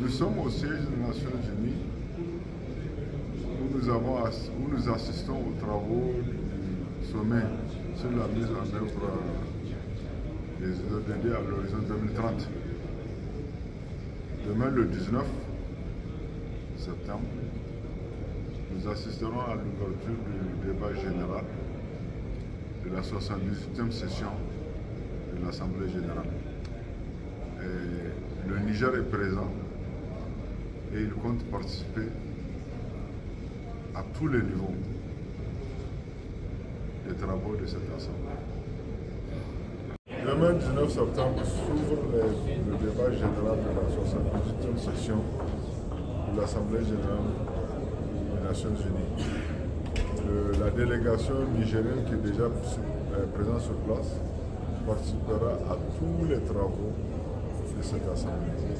Nous sommes au siège des Nations Unies où nous, avons, nous assistons aux travaux du sommet sur la mise en œuvre des ODD à l'horizon 2030. Demain, le 19 septembre, nous assisterons à l'ouverture du débat général de la 78e session de l'Assemblée générale. le Niger est présent et il compte participer à tous les niveaux des travaux de cette Assemblée. Demain, 19 septembre, s'ouvre le, débat général de la 78e session de l'Assemblée générale des Nations Unies. la délégation nigérienne qui est déjà euh, présente sur place participera à tous les travaux de cette Assemblée.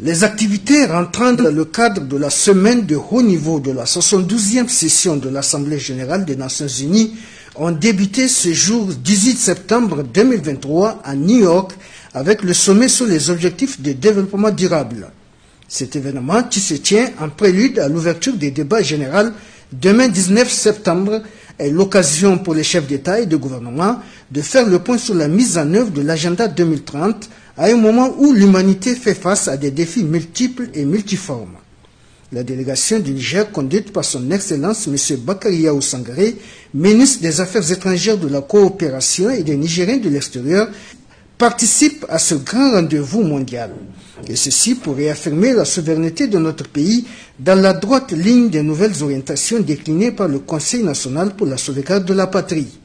Les activités rentrant dans le cadre de la semaine de haut niveau de la 72e session de l'Assemblée générale des Nations unies ont débuté ce jour 18 septembre 2023 à New York avec le sommet sur les objectifs de développement durable. Cet événement qui se tient en prélude à l'ouverture des débats généraux demain 19 septembre est l'occasion pour les chefs d'État et de gouvernement de faire le point sur la mise en œuvre de l'agenda 2030 à un moment où l'humanité fait face à des défis multiples et multiformes. La délégation du Niger, conduite par son Excellence M. Bakaria Sangaré, ministre des Affaires étrangères de la coopération et des Nigériens de l'extérieur, participe à ce grand rendez-vous mondial. Et ceci pour réaffirmer la souveraineté de notre pays dans la droite ligne des nouvelles orientations déclinées par le Conseil national pour la sauvegarde de la patrie.